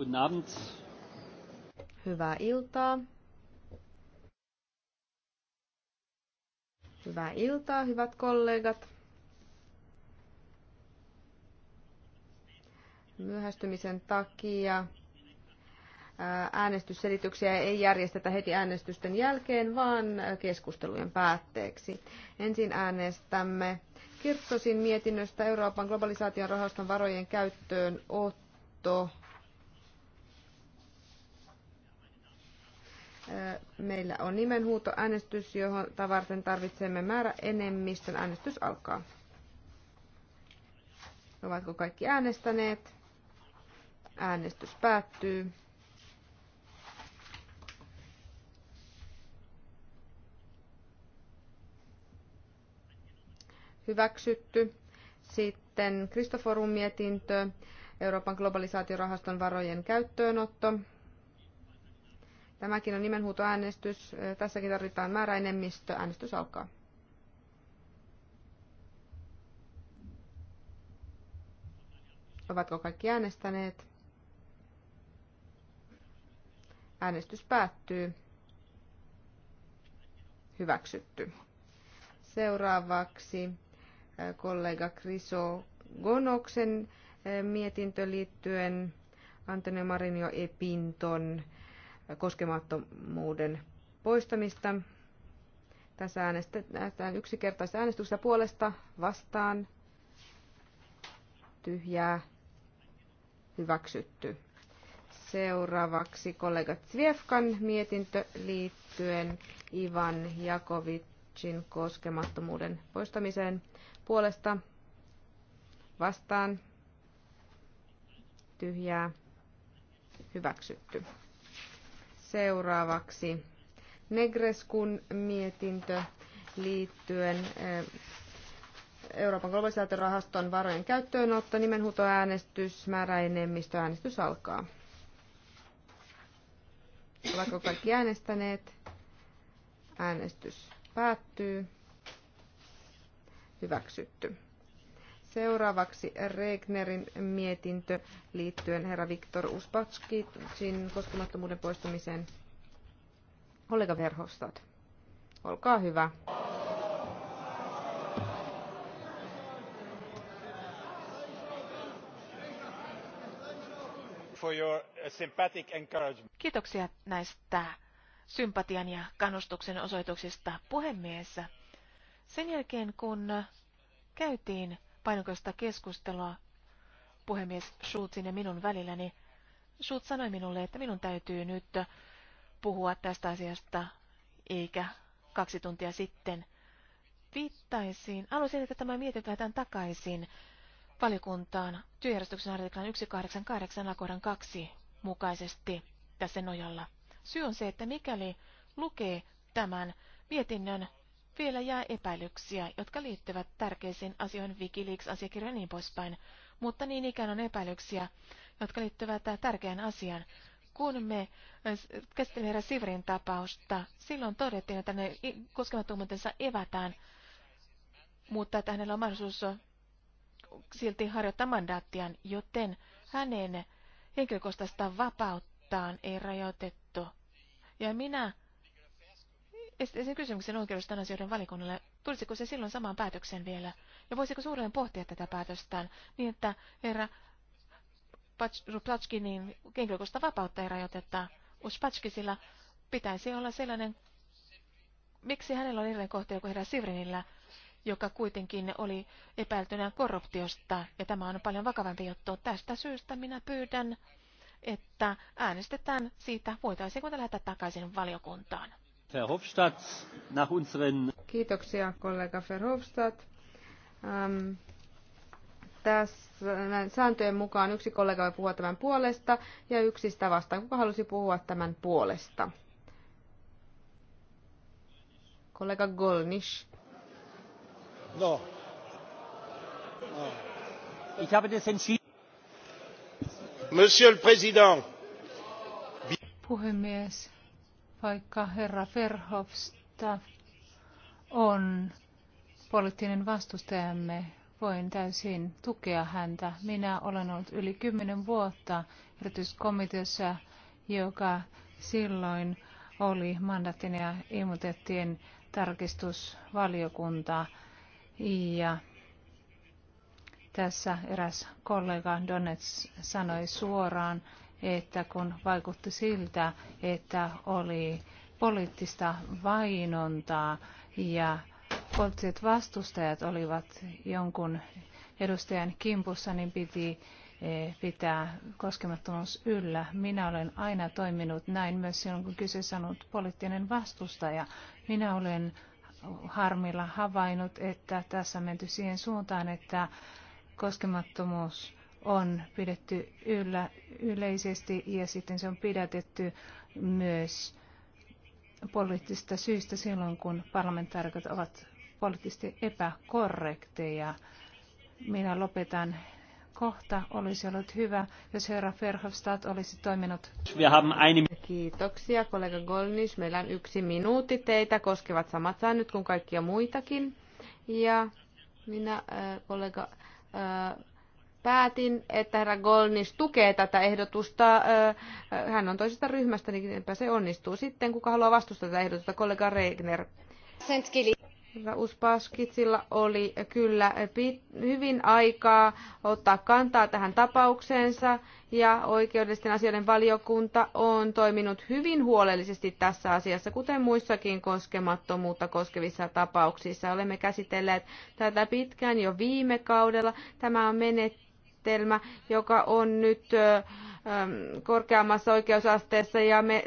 Guten Abend. Hyvää iltaa. Hyvää iltaa, hyvät kollegat. Myöhästymisen takia äänestysselityksiä ei järjestetä heti äänestysten jälkeen, vaan keskustelujen päätteeksi. Ensin äänestämme Kirkkosin mietinnöstä Euroopan globalisaation rahaston varojen käyttöön otto Meillä on nimenhuutoäänestys, johon tavarten tarvitsemme määrä enemmistön. Äänestys alkaa. Ovatko kaikki äänestäneet? Äänestys päättyy. Hyväksytty. Sitten Kristoforun mietintö, Euroopan globalisaatiorahaston varojen käyttöönotto. Tämäkin on nimenhuutoäänestys. Tässäkin tarvitaan määräenemmistö. Äänestys alkaa. Ovatko kaikki äänestäneet? Äänestys päättyy. Hyväksytty. Seuraavaksi kollega Kriso Gonoksen mietintö liittyen Antonio Marinio Epinton koskemattomuuden poistamista. Tässä äänestetään yksinkertaisessa äänestyksessä puolesta vastaan tyhjää hyväksytty. Seuraavaksi kollega Zviefkan mietintö liittyen Ivan Jakovicin koskemattomuuden poistamiseen puolesta vastaan tyhjää hyväksytty. Seuraavaksi Negreskun mietintö liittyen eh, Euroopan globalisaatiorahaston varojen käyttöönotto, nimenhuutoäänestys, määräenemmistö, äänestys alkaa. Ovatko kaikki äänestäneet? Äänestys päättyy. Hyväksytty. Seuraavaksi Regnerin mietintö liittyen herra Viktor Uspatskin koskemattomuuden poistumiseen. Kollega Verhofstadt, olkaa hyvä. Uh, Kiitoksia näistä sympatian ja kannustuksen osoituksista puhemies. Sen jälkeen kun käytiin painokasta keskustelua puhemies Schultzin ja minun välilläni. Niin Schultz sanoi minulle, että minun täytyy nyt puhua tästä asiasta, eikä kaksi tuntia sitten. Viittaisiin, haluaisin, että tämä mietitään takaisin valiokuntaan työjärjestyksen artiklan 188 alakohdan 2 mukaisesti tässä nojalla. Syy on se, että mikäli lukee tämän mietinnön vielä jää epäilyksiä, jotka liittyvät tärkeisiin asioihin Wikileaks-asiakirjoihin niin poispäin, mutta niin ikään on epäilyksiä, jotka liittyvät tärkeään asiaan. Kun me äh, käsittelimme herra Sivrin tapausta, silloin todettiin, että ne koskemattomuutensa evätään, mutta että hänellä on mahdollisuus silti harjoittaa mandaattiaan, joten hänen henkilökohtaista vapauttaan ei rajoitettu. Ja minä esitin kysymyksen oikeudestaan asioiden valikunnalle. Tulisiko se silloin samaan päätökseen vielä? Ja voisiko suurelleen pohtia tätä päätöstään niin, että herra Platskinin henkilökohtaista vapautta ei rajoiteta? Uspatskisilla pitäisi olla sellainen, miksi hänellä on erilainen kohtia kuin herra Sivrinillä, joka kuitenkin oli epäiltynä korruptiosta, ja tämä on paljon vakavampi juttu. Tästä syystä minä pyydän, että äänestetään siitä, voitaisiinko lähettää takaisin valiokuntaan. Verhofstadt, nach unseren... Kiitoksia kollega Verhofstadt. Ähm, tässä sääntöjen mukaan yksi kollega voi puhua tämän puolesta ja yksi sitä vastaan. Kuka halusi puhua tämän puolesta? Kollega Golnisch? No. no. Ich habe das entschieden. Monsieur le Président. Puhemies vaikka herra Verhofstadt on poliittinen vastustajamme, voin täysin tukea häntä. Minä olen ollut yli kymmenen vuotta erityiskomiteassa, joka silloin oli mandaattina ja imutettiin tarkistusvaliokuntaa. Ja tässä eräs kollega Donets sanoi suoraan, että kun vaikutti siltä, että oli poliittista vainontaa ja poliittiset vastustajat olivat jonkun edustajan kimpussa, niin piti eh, pitää koskemattomuus yllä. Minä olen aina toiminut näin myös silloin, kun kyseessä on ollut poliittinen vastustaja. Minä olen harmilla havainnut, että tässä on menty siihen suuntaan, että koskemattomuus on pidetty yllä yleisesti ja sitten se on pidätetty myös poliittisista syistä silloin, kun parlamentaarikot ovat poliittisesti epäkorrekteja. Minä lopetan kohta. Olisi ollut hyvä, jos herra Verhofstadt olisi toiminut. Kiitoksia, kollega Golnish. Meillä on yksi minuutti teitä. Koskevat samat säännöt kuin kaikkia muitakin. Ja minä, äh, kollega äh, päätin, että herra Golnis tukee tätä ehdotusta. Hän on toisesta ryhmästä, niin se onnistuu. Sitten kuka haluaa vastustaa tätä ehdotusta? Kollega Regner. Senskili. Uspaskitsilla oli kyllä hyvin aikaa ottaa kantaa tähän tapaukseensa ja oikeudellisten asioiden valiokunta on toiminut hyvin huolellisesti tässä asiassa, kuten muissakin koskemattomuutta koskevissa tapauksissa. Olemme käsitelleet tätä pitkään jo viime kaudella. Tämä on menetty järjestelmä, joka on nyt korkeammassa oikeusasteessa ja me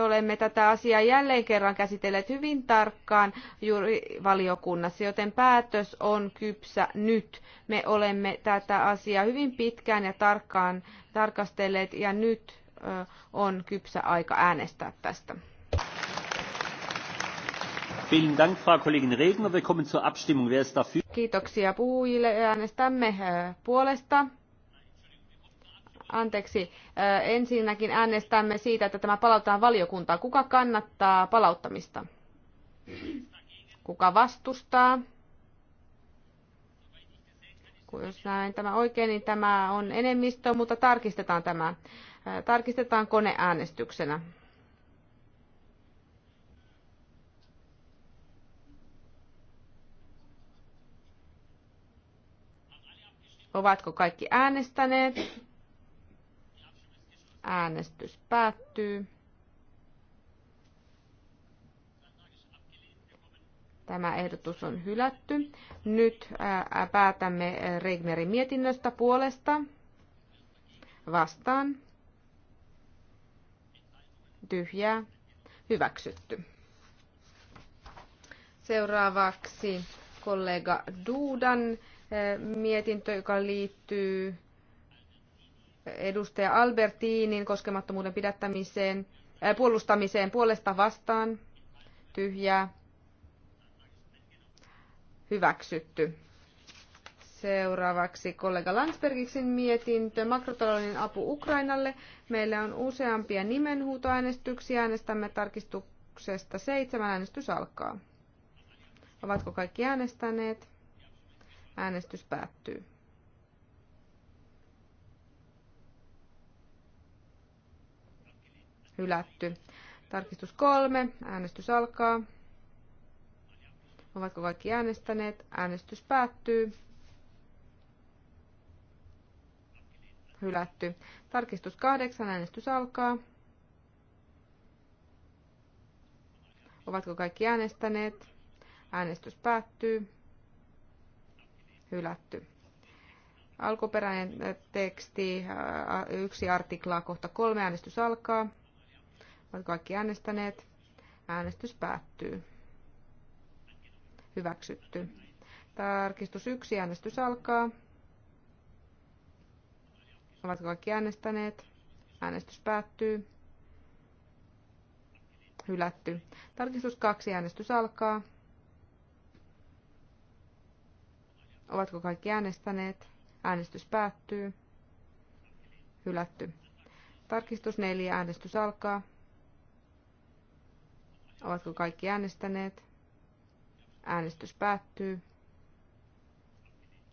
olemme tätä asiaa jälleen kerran käsitelleet hyvin tarkkaan juuri valiokunnassa, joten päätös on kypsä nyt. Me olemme tätä asiaa hyvin pitkään ja tarkkaan tarkastelleet ja nyt on kypsä aika äänestää tästä. Vielen Dank, Frau Kollegin Regner. Wir kommen zur Abstimmung. Wer ist dafür? Kiitoksia puhujille. Äänestämme puolesta. Anteeksi. Ensinnäkin äänestämme siitä, että tämä palautetaan valiokuntaan. Kuka kannattaa palauttamista? Kuka vastustaa? Jos näin tämä oikein, niin tämä on enemmistö, mutta tarkistetaan tämä. Tarkistetaan koneäänestyksenä. Ovatko kaikki äänestäneet? Äänestys päättyy. Tämä ehdotus on hylätty. Nyt päätämme Regnerin mietinnöstä puolesta. Vastaan. Tyhjää. Hyväksytty. Seuraavaksi kollega Duudan mietintö, joka liittyy edustaja Albertiinin koskemattomuuden pidättämiseen, äh, puolustamiseen puolesta vastaan, tyhjää, hyväksytty. Seuraavaksi kollega Landsbergiksen mietintö makrotalouden apu Ukrainalle. Meillä on useampia nimenhuutoäänestyksiä. Äänestämme tarkistuksesta seitsemän. Äänestys alkaa. Ovatko kaikki äänestäneet? Äänestys päättyy. Hylätty. Tarkistus kolme. Äänestys alkaa. Ovatko kaikki äänestäneet? Äänestys päättyy. Hylätty. Tarkistus kahdeksan. Äänestys alkaa. Ovatko kaikki äänestäneet? Äänestys päättyy hylätty. Alkuperäinen teksti, yksi artiklaa, kohta kolme äänestys alkaa. Olet kaikki äänestäneet. Äänestys päättyy. Hyväksytty. Tarkistus yksi äänestys alkaa. Ovat kaikki äänestäneet. Äänestys päättyy. Hylätty. Tarkistus kaksi äänestys alkaa. Ovatko kaikki äänestäneet? Äänestys päättyy. Hylätty. Tarkistus 4. Äänestys alkaa. Ovatko kaikki äänestäneet? Äänestys päättyy.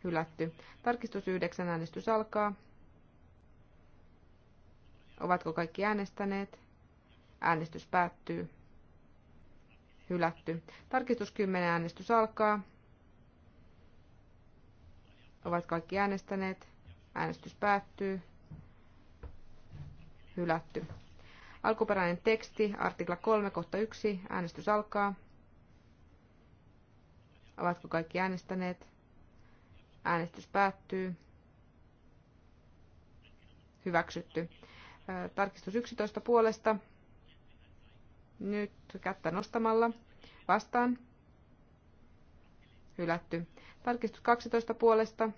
Hylätty. Tarkistus 9. Äänestys alkaa. Ovatko kaikki äänestäneet? Äänestys päättyy. Hylätty. Tarkistus 10. Äänestys alkaa. Ovat kaikki äänestäneet. Äänestys päättyy. Hylätty. Alkuperäinen teksti, artikla 3, kohta 1. Äänestys alkaa. Ovatko kaikki äänestäneet? Äänestys päättyy. Hyväksytty. Tarkistus 11 puolesta. Nyt kättä nostamalla. Vastaan. Hylätty. Tarkistus 12 puolesta.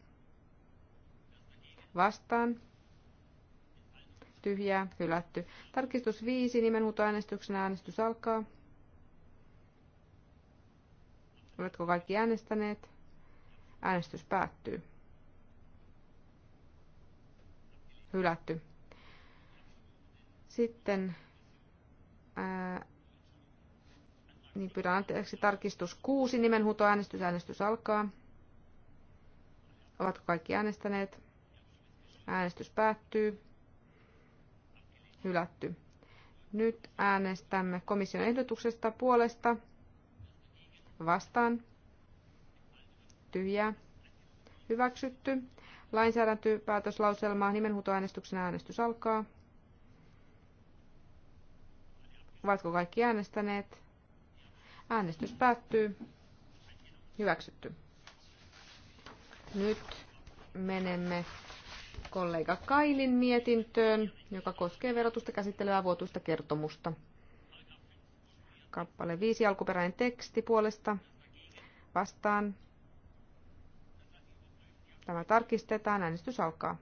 Vastaan. Tyhjää, hylätty. Tarkistus 5, nimenhuutoäänestyksen äänestys alkaa. Oletko kaikki äänestäneet? Äänestys päättyy. Hylätty. Sitten ää, niin pyydän anteeksi tarkistus 6, nimenhuutoäänestys, äänestys alkaa. Ovatko kaikki äänestäneet? Äänestys päättyy. Hylätty. Nyt äänestämme komission ehdotuksesta puolesta. Vastaan. Tyhjää. Hyväksytty. Lainsäädäntöpäätöslauselma. Nimenhuutoäänestyksen äänestys alkaa. Ovatko kaikki äänestäneet? Äänestys päättyy. Hyväksytty. Nyt menemme kollega Kailin mietintöön, joka koskee verotusta käsittelevää vuotuista kertomusta. Kappale 5 alkuperäinen teksti puolesta vastaan. Tämä tarkistetaan. Äänestys alkaa.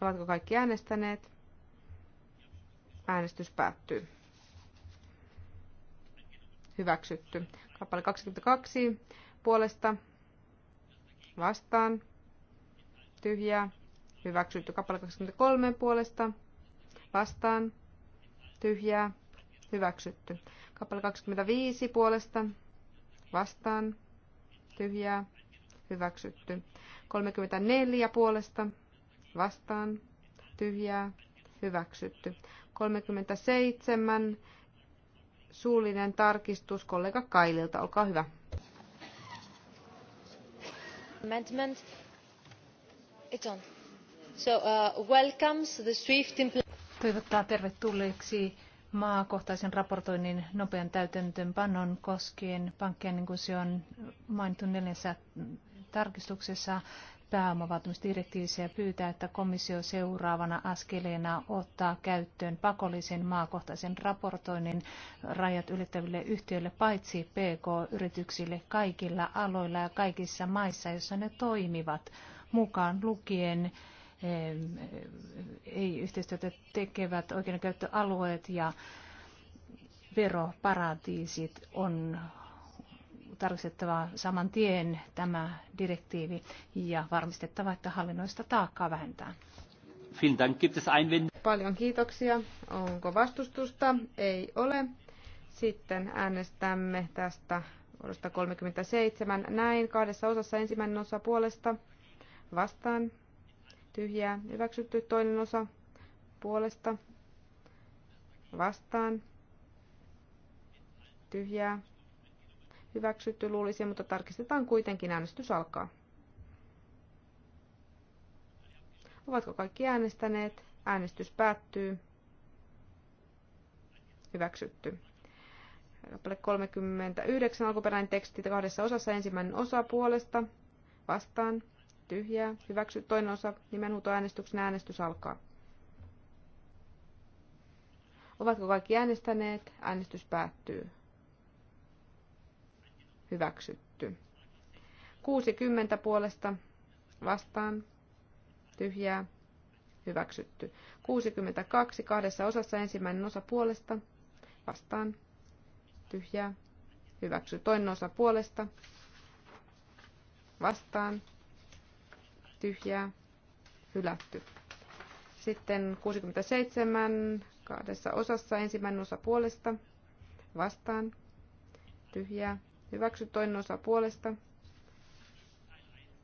Ovatko kaikki äänestäneet? Äänestys päättyy. Hyväksytty. Kappale 22 puolesta vastaan tyhjää hyväksytty. Kappale 23 puolesta vastaan tyhjää hyväksytty. Kappale 25 puolesta vastaan tyhjää hyväksytty. 34 puolesta vastaan tyhjää hyväksytty. 37 suullinen tarkistus kollega Kaililta. Olkaa hyvä amendment uh, welcomes the swift implementation. toivottaa tervetulleeksi maakohtaisen raportoinnin nopean täytäntöönpanon koskien pankkeja niin kuin se on mainittu neljässä tarkistuksessa pääomavaatimusdirektiivissä pyytää, että komissio seuraavana askeleena ottaa käyttöön pakollisen maakohtaisen raportoinnin rajat ylittäville yhtiöille paitsi PK-yrityksille kaikilla aloilla ja kaikissa maissa, joissa ne toimivat, mukaan lukien eh, ei yhteistyötä tekevät oikeudenkäyttöalueet ja veroparatiisit on tarkistettava saman tien tämä direktiivi ja varmistettava, että hallinnoista taakkaa vähentää. Paljon kiitoksia. Onko vastustusta? Ei ole. Sitten äänestämme tästä vuodesta 37. Näin kahdessa osassa ensimmäinen osa puolesta vastaan. Tyhjää. Hyväksytty toinen osa puolesta vastaan. Tyhjää hyväksytty luulisi, mutta tarkistetaan kuitenkin. Äänestys alkaa. Ovatko kaikki äänestäneet? Äänestys päättyy. Hyväksytty. Kappale 39, alkuperäinen teksti kahdessa osassa. Ensimmäinen osa puolesta, vastaan, tyhjää, hyväksy. Toinen osa, nimenhuutoäänestyksen äänestys alkaa. Ovatko kaikki äänestäneet? Äänestys päättyy hyväksytty. 60 puolesta vastaan tyhjää hyväksytty. 62 kahdessa osassa ensimmäinen osa puolesta vastaan tyhjää hyväksy. Toinen osa puolesta vastaan tyhjää hylätty. Sitten 67 kahdessa osassa ensimmäinen osa puolesta vastaan tyhjää Hyväksy toinen osa puolesta.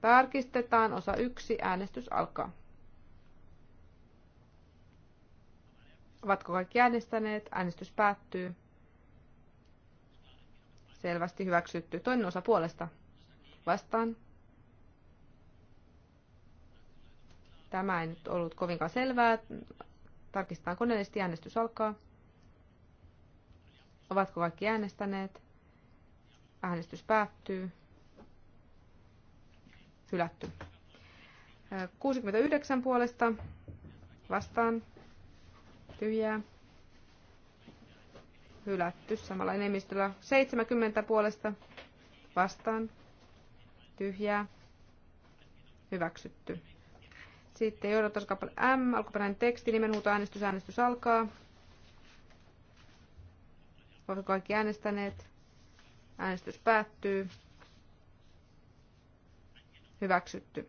Tarkistetaan osa yksi Äänestys alkaa. Ovatko kaikki äänestäneet? Äänestys päättyy. Selvästi hyväksytty. Toinen osa puolesta. Vastaan. Tämä ei nyt ollut kovinkaan selvää. Tarkistetaan koneellisesti. Äänestys alkaa. Ovatko kaikki äänestäneet? Äänestys päättyy. Hylätty. 69 puolesta vastaan tyhjää. Hylätty samalla enemmistöllä. 70 puolesta vastaan tyhjää. Hyväksytty. Sitten johdatuskappale M, alkuperäinen teksti, nimenhuuto, äänestys, äänestys alkaa. Oletko kaikki äänestäneet? Äänestys päättyy. Hyväksytty.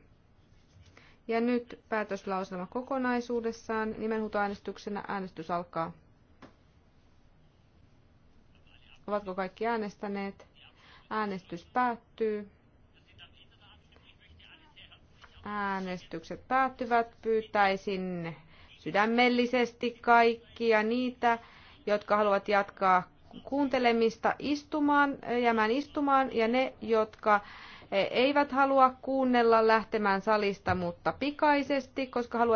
Ja nyt päätöslauselma kokonaisuudessaan. Nimenhuutoäänestyksenä äänestys alkaa. Ovatko kaikki äänestäneet? Äänestys päättyy. Äänestykset päättyvät. Pyytäisin sydämellisesti kaikkia niitä, jotka haluavat jatkaa kuuntelemista istumaan, jäämään istumaan ja ne, jotka eivät halua kuunnella lähtemään salista, mutta pikaisesti, koska haluavat